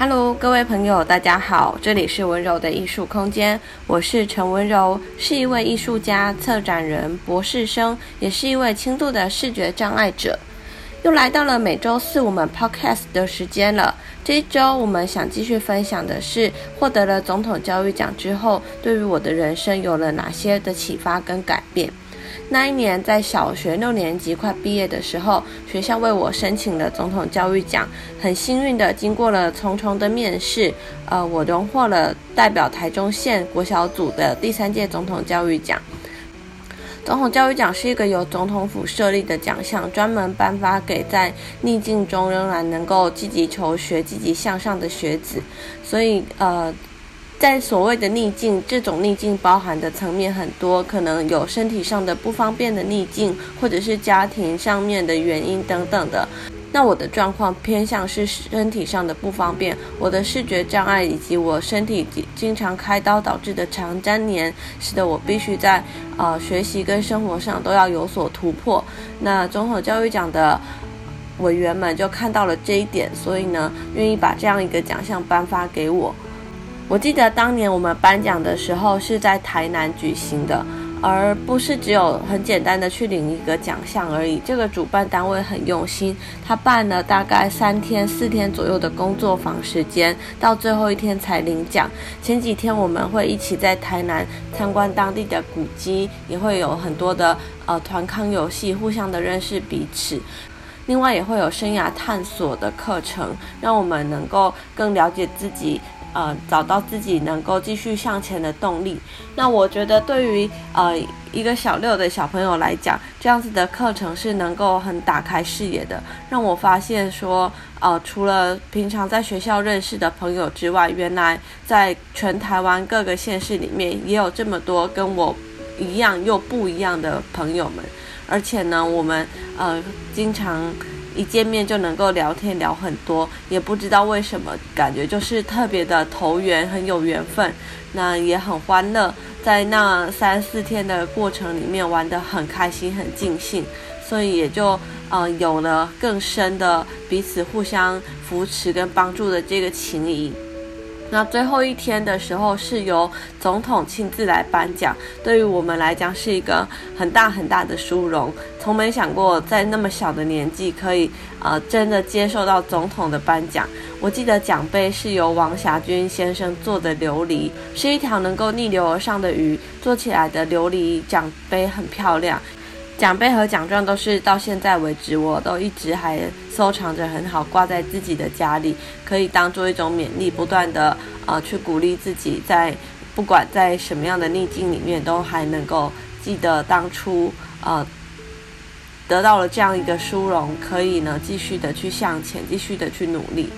哈嘍，Hello, 各位朋友，大家好，這裡是溫柔的藝術空間，我是陳溫柔，是一位藝術家、策展人、博士生，也是一位輕度的視覺障礙者。又來到了每週四我們 Podcast 的時間了。這一週我們想繼續分享的是，獲得了總統教育獎之後，對於我的人生有了哪些的啟發跟改變。那一年，在小學六年級快畢業的時候，學校為我申請了總統教育獎。很幸運地，經過了重重的面試，呃，我榮獲了代表台中縣國小組的第三屆總統教育獎。總統教育獎是一個由總統府設立的獎項，專門頒發給在逆境中仍然能夠積極求學、積極向上的學子。所以，呃。在所謂的逆境，這種逆境包含的層面很多，可能有身體上的不方便的逆境，或者是家庭上面的原因等等的。那我的狀況偏向是身體上的不方便，我的視覺障礙以及我身體經常開刀導致的腸粘連，使得我必須在呃學習跟生活上都要有所突破。那總統教育獎的委員們就看到了這一點，所以呢，願意把這樣一個獎項頒發給我。我記得當年我們頒獎的時候是在台南舉行的，而不是只有很簡單的去領一個獎項而已。這個主辦單位很用心，他辦了大概三天四天左右的工作坊時間，到最後一天才領獎。前幾天我們會一起在台南參觀當地的古蹟，也會有很多的呃團康遊戲，互相的認識彼此。另外也會有生涯探索的課程，讓我們能夠更了解自己。呃、嗯，找到自己能夠繼續向前的動力。那我覺得，對於呃一個小六的小朋友來講，這樣子的課程是能夠很打開視野的。讓我發現說，呃，除了平常在學校認識的朋友之外，原來在全台灣各個縣市裡面也有這麼多跟我一樣又不一樣的朋友們。而且呢，我們呃經常。一見面就能夠聊天聊很多，也不知道為什麼，感覺就是特別的投緣，很有緣分，那也很歡樂。在那三四天的過程裡面，玩得很開心，很盡興，所以也就嗯、呃、有了更深的彼此互相扶持跟幫助的這個情誼。那最後一天的時候，是由總統親自來頒獎，對於我們來講是一個很大很大的殊榮。從沒想過，在那麼小的年紀可以，呃，真的接受到總統的頒獎。我記得獎杯是由王俠軍先生做的琉璃，是一條能夠逆流而上的魚做起來的琉璃獎杯，很漂亮。獎杯和獎狀都是到現在為止，我都一直還收藏着，很好掛在自己的家裡，可以當做一種勉勵，不斷的呃去鼓勵自己在，在不管在什麼樣的逆境裡面，都還能夠記得當初呃。得到了這樣一個殊榮，可以呢繼續的去向前，繼續的去努力。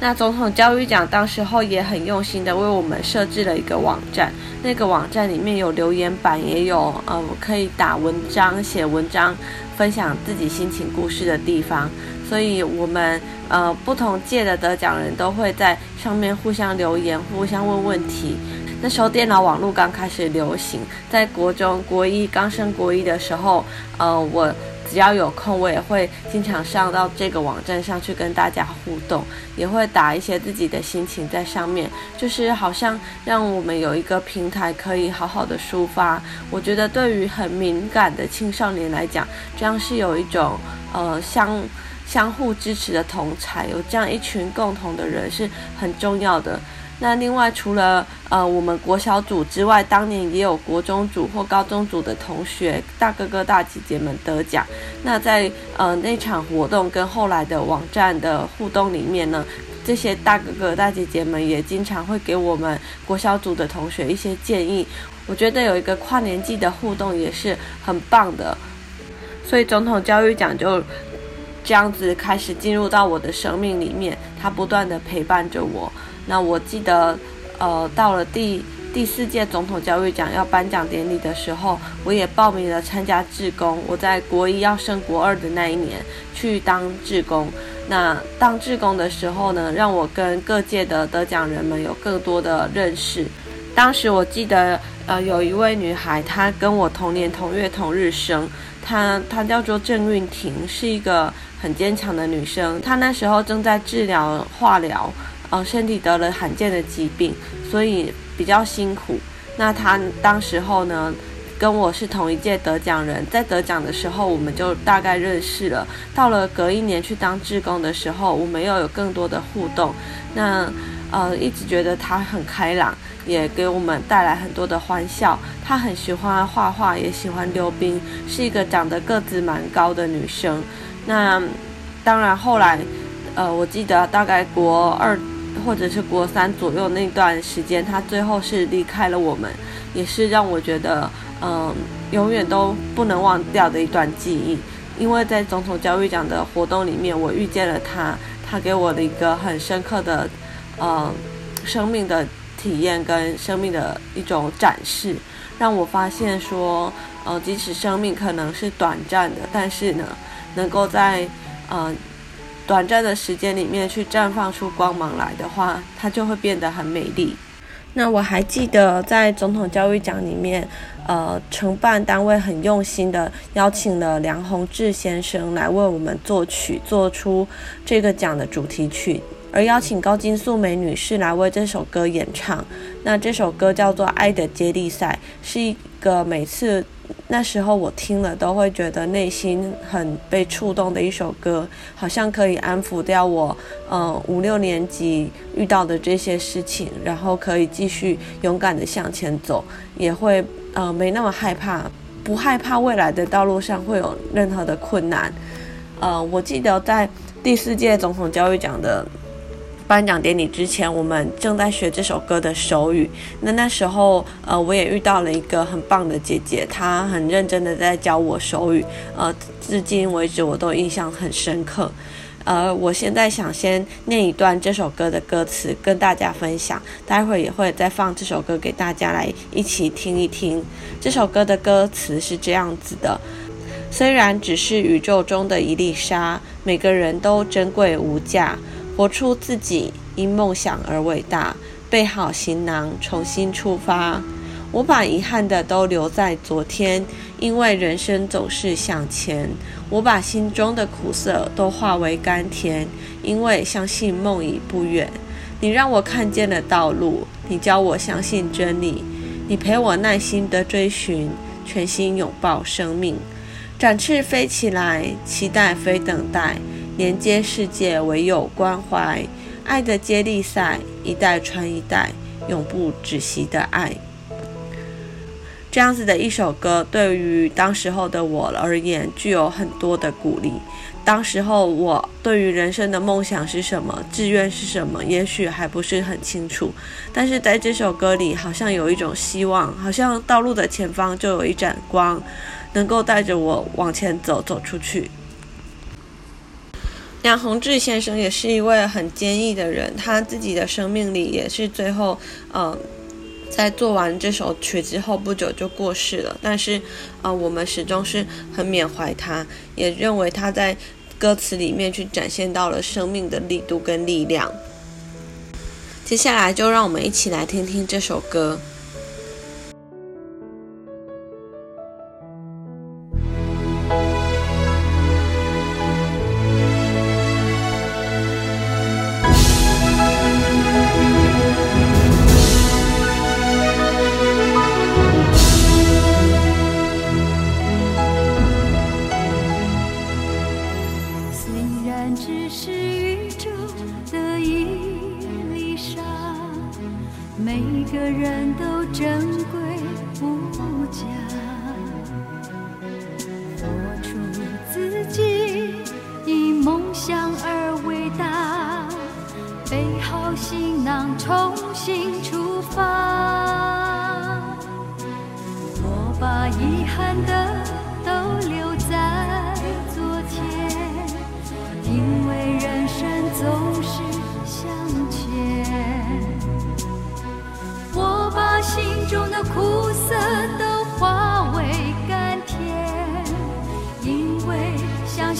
那總統教育獎當時候也很用心的為我們設置了一個網站，那個網站裡面有留言板，也有呃可以打文章、寫文章、分享自己心情、故事的地方。所以我們呃不同屆的得獎人都會在上面互相留言、互相問問題。那時候電腦網絡剛開始流行，在國中國一剛升國一的時候，呃，我只要有空，我也會經常上到這個網站上去跟大家互動，也會打一些自己的心情在上面，就是好像讓我們有一個平台可以好好的抒發。我覺得對於很敏感的青少年來講，這樣是有一種呃相相互支持的同儕，有這樣一群共同的人是很重要的。那另外，除了呃我們國小組之外，當年也有國中組或高中組的同學大哥哥大姐姐們得獎。那在呃那場活動跟後來的網站的互動裡面呢，這些大哥哥大姐姐們也經常會給我們國小組的同學一些建議。我覺得有一個跨年紀的互動也是很棒的。所以總統教育獎就這樣子開始進入到我的生命裡面，它不斷地陪伴着我。那我記得，呃，到了第第四屆總統教育獎要頒獎典禮的時候，我也報名了參加志工。我在國一要升國二的那一年去當志工。那當志工的時候呢，讓我跟各界的得獎人們有更多的認識。當時我記得，呃，有一位女孩，她跟我同年同月同日生，她她叫做鄭韻婷，是一個很堅強的女生。她那時候正在治療化療。呃，身體得了罕見的疾病，所以比較辛苦。那他當時候呢，跟我是同一屆得獎人，在得獎的時候我們就大概認識了。到了隔一年去當志工的時候，我們又有更多的互動。那呃，一直覺得他很開朗，也給我們帶來很多的歡笑。他很喜歡畫畫，也喜歡溜冰，是一個長得個子蠻高的女生。那當然後來，呃，我記得大概國二。或者是國三左右那段時間，他最後是離開了我們，也是讓我覺得，嗯、呃，永遠都不能忘掉的一段記憶。因為在總統教育獎的活動裡面，我遇見了他，他給我的一個很深刻的，嗯、呃，生命的體驗跟生命的一種展示，讓我發現說，呃，即使生命可能是短暫的，但是呢，能夠在，呃。短暫的時間裡面去綻放出光芒來的話，它就會變得很美麗。那我還記得在總統教育獎裡面，呃，承辦單位很用心地邀請了梁弘志先生來為我們作曲，做出這個獎的主題曲，而邀請高金素梅女士來為這首歌演唱。那這首歌叫做《愛的接力賽》，是一個每次。那時候我聽了都會覺得內心很被觸動的一首歌，好像可以安撫掉我，呃，五六年級遇到的這些事情，然後可以繼續勇敢地向前走，也會呃沒那麼害怕，不害怕未來的道路上會有任何的困難。呃，我記得在第四屆總統教育獎的。頒獎典禮之前，我們正在學這首歌的手語。那那時候，呃，我也遇到了一個很棒的姐姐，她很認真的在教我手語。呃，至今為止我都印象很深刻。呃，我現在想先念一段這首歌的歌詞跟大家分享，待會兒也會再放這首歌給大家來一起聽一聽。這首歌的歌詞是這樣子的：雖然只是宇宙中的一粒沙，每個人都珍貴無價。活出自己，因夢想而偉大。備好行囊，重新出發。我把遺憾的都留在昨天，因為人生總是向前。我把心中的苦澀都化為甘甜，因為相信夢已不遠。你讓我看見了道路，你教我相信真理，你陪我耐心地追尋，全心擁抱生命，展翅飛起來，期待非等待。連接世界，唯有關懷，愛的接力賽，一代傳一代，永不止息的愛。這樣子的一首歌，對於當時候的我而言，具有很多的鼓勵。當時候我對於人生的夢想是什麼，志願是什麼，也許還不是很清楚。但是在這首歌裡，好像有一種希望，好像道路的前方就有一盞光，能夠帶着我往前走，走出去。梁弘志先生也是一位很堅毅的人，他自己的生命裡也是最後，嗯、呃，在做完這首曲子後不久就過世了。但是，啊、呃，我們始終是很緬懷他，也認為他在歌詞裡面去展現到了生命的力度跟力量。接下來就讓我們一起來聽聽這首歌。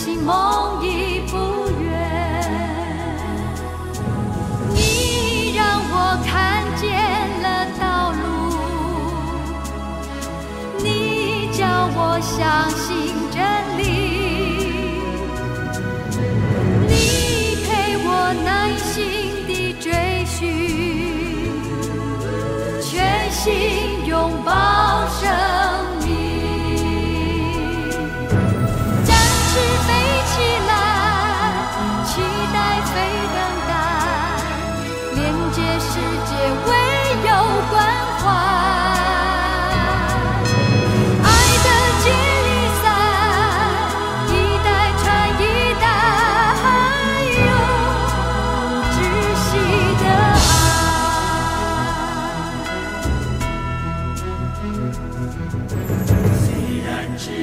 心夢已不遠，你讓我看見了道路，你教我相信真理，你陪我耐心地追尋，全心擁抱生。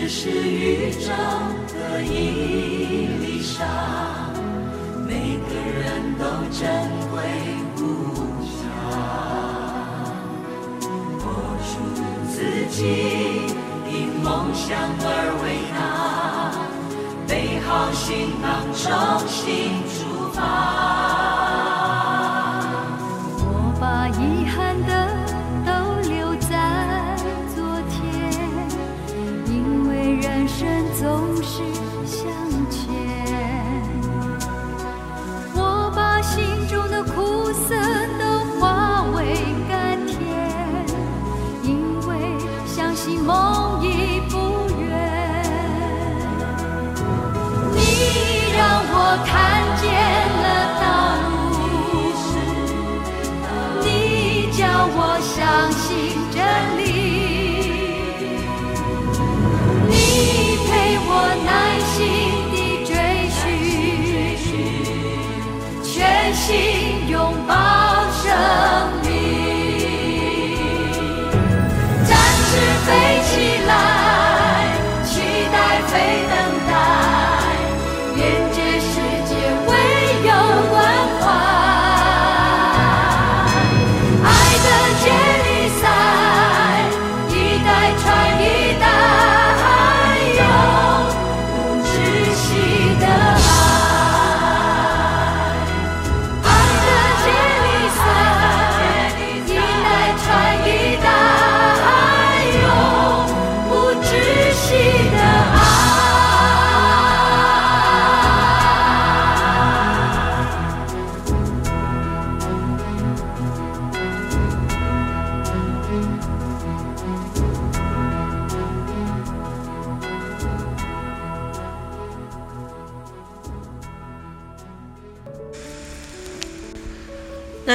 只是宇宙的一粒沙，每個人都珍貴無價。活出自己，因夢想而偉大，背好行囊，重新出發。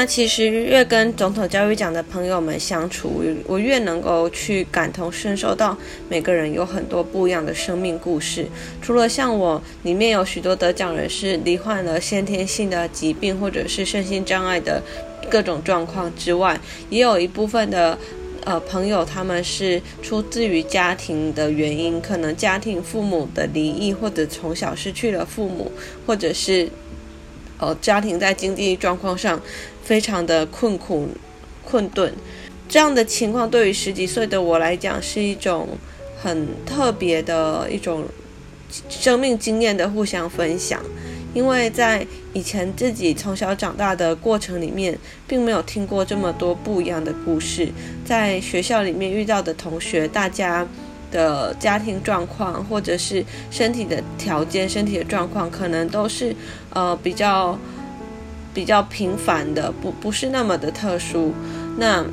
那其實越跟總統教育獎的朋友們相處，我越能夠去感同身受到每個人有很多不一樣的生命故事。除了像我，裡面有許多得獎人是罹患了先天性的疾病或者是身心障礙的各種狀況之外，也有一部分的呃朋友他們是出自於家庭的原因，可能家庭父母的離異，或者從小失去了父母，或者是。呃，家庭在經濟狀況上非常的困苦、困頓，這樣的情況對於十幾歲的我來講是一種很特別的一種生命經驗的互相分享，因為在以前自己從小長大的過程裡面，並沒有聽過這麼多不一樣的故事，在學校裡面遇到的同學，大家。的家庭狀況，或者是身體的條件、身體的狀況，可能都是呃比較比較平凡的，不不是那麼的特殊。那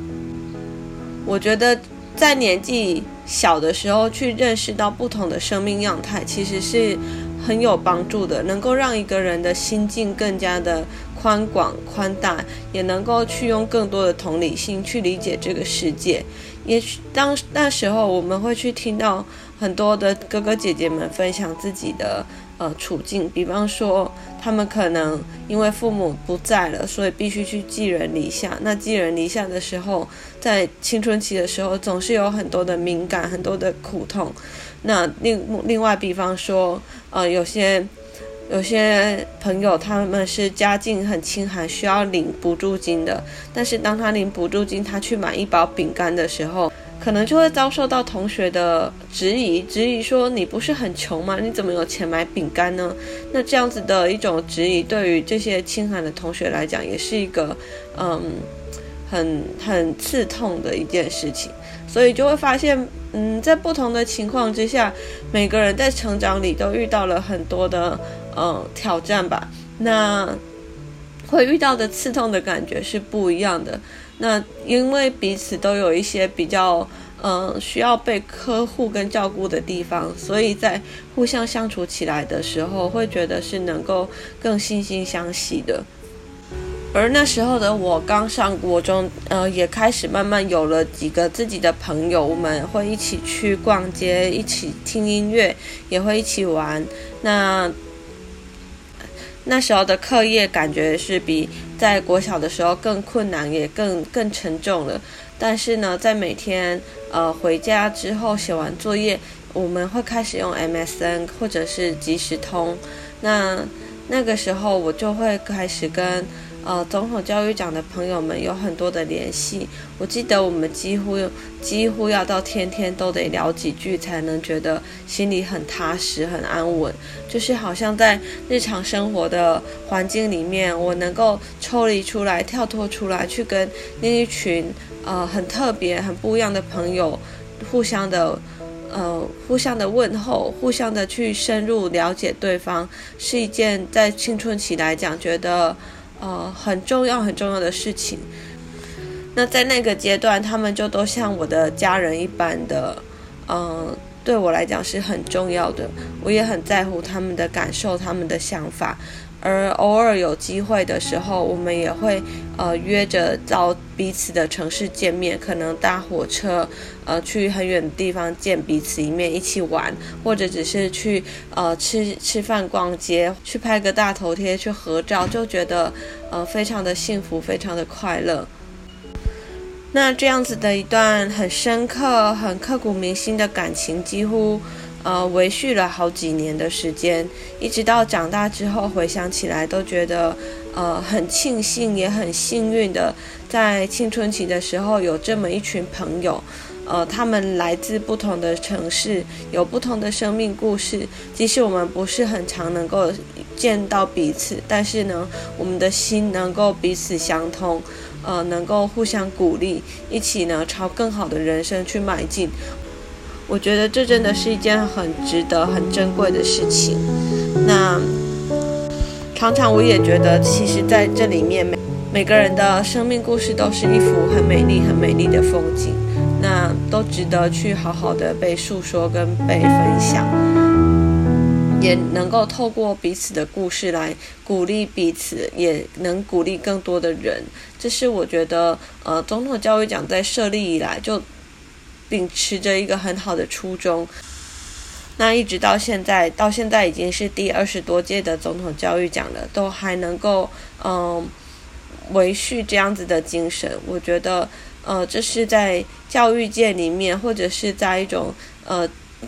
我覺得，在年紀小的時候去認識到不同的生命樣態，其實是很有幫助的，能夠讓一個人的心境更加的寬廣、寬大，也能夠去用更多的同理心去理解這個世界。也許當那時候我們會去聽到很多的哥哥姐姐們分享自己的呃處境，比方說他們可能因為父母不在了，所以必須去寄人籬下。那寄人籬下的時候，在青春期的時候，總是有很多的敏感，很多的苦痛。那另另外，比方說呃，有些。有些朋友他們是家境很清寒，需要領補助金的。但是當他領補助金，他去買一包餅乾的時候，可能就會遭受到同學的質疑，質疑說：“你不是很窮嗎？你怎麼有錢買餅乾呢？”那這樣子的一種質疑，對於這些清寒的同學來講，也是一個，嗯，很很刺痛的一件事情。所以就會發現，嗯，在不同的情況之下，每個人在成長裡都遇到了很多的。嗯，挑戰吧。那會遇到的刺痛的感覺是不一樣的。那因為彼此都有一些比較嗯需要被呵護跟照顧的地方，所以在互相相處起來的時候，會覺得是能夠更惺惺相惜的。而那時候的我剛上國中，呃，也開始慢慢有了幾個自己的朋友們，會一起去逛街，一起聽音樂，也會一起玩。那。那時候的課業感覺是比在國小的時候更困難，也更更沉重了。但是呢，在每天呃回家之後寫完作業，我們會開始用 MSN 或者是即時通。那那個時候我就會開始跟。呃，總統教育獎的朋友們有很多的聯繫。我記得我們幾乎有幾乎要到天天都得聊幾句，才能覺得心裡很踏實、很安穩。就是好像在日常生活的環境裡面，我能夠抽離出來、跳脫出來，去跟那一群呃很特別、很不一樣的朋友互相的呃互相的問候、互相的去深入了解對方，是一件在青春期來講覺得。呃，很重要很重要的事情。那在那個階段，他們就都像我的家人一般的，嗯、呃，對我來講是很重要的。我也很在乎他們的感受、他們的想法。而偶爾有機會的時候，我們也會呃約着到彼此的城市見面，可能搭火車呃去很遠的地方見彼此一面，一起玩，或者只是去呃吃吃飯、逛街、去拍個大頭貼、去合照，就覺得呃非常的幸福，非常的快樂。那這樣子的一段很深刻、很刻骨銘心的感情，幾乎。呃，維續了好幾年的時間，一直到長大之後回想起來，都覺得呃很慶幸，也很幸運的在青春期的時候有這麼一群朋友，呃，他們來自不同的城市，有不同的生命故事。即使我們不是很常能夠見到彼此，但是呢，我們的心能夠彼此相通，呃，能夠互相鼓勵，一起呢朝更好的人生去邁進。我覺得這真的是一件很值得、很珍貴的事情。那常常我也覺得，其實，在這裡面，每每個人的生命故事都是一幅很美麗、很美麗的風景，那都值得去好好的被訴說跟被分享，也能夠透過彼此的故事來鼓勵彼此，也能鼓勵更多的人。這是我覺得，呃，總統教育獎在設立以來就。秉持着一個很好的初衷，那一直到現在，到現在已經是第二十多屆的總統教育獎了，都還能夠嗯、呃、維續這樣子的精神，我覺得呃這是在教育界裡面或者是在一種呃。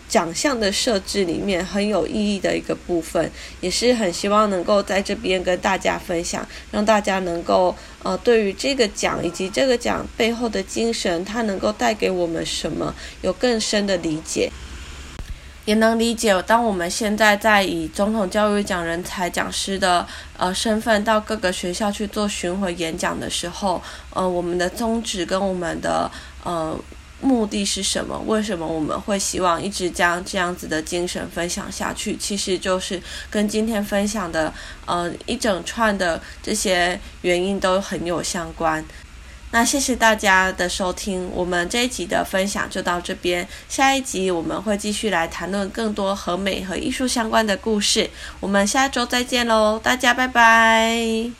獎項的設置裡面很有意義的一個部分，也是很希望能夠在這邊跟大家分享，讓大家能夠呃對於這個獎以及這個獎背後的精神，它能夠帶給我們什麼有更深的理解。也能理解，當我們現在在以總統教育獎人才講師的呃身份到各個學校去做巡迴演講的時候，呃，我們的宗旨跟我們的呃。目的是什麼？為什麼我們會希望一直將這樣子的精神分享下去？其實就是跟今天分享的，呃，一整串的這些原因都很有相關。那謝謝大家的收聽，我們這一集的分享就到這邊，下一集我們會繼續來談論更多和美和藝術相關的故事。我們下周再見嘍，大家拜拜。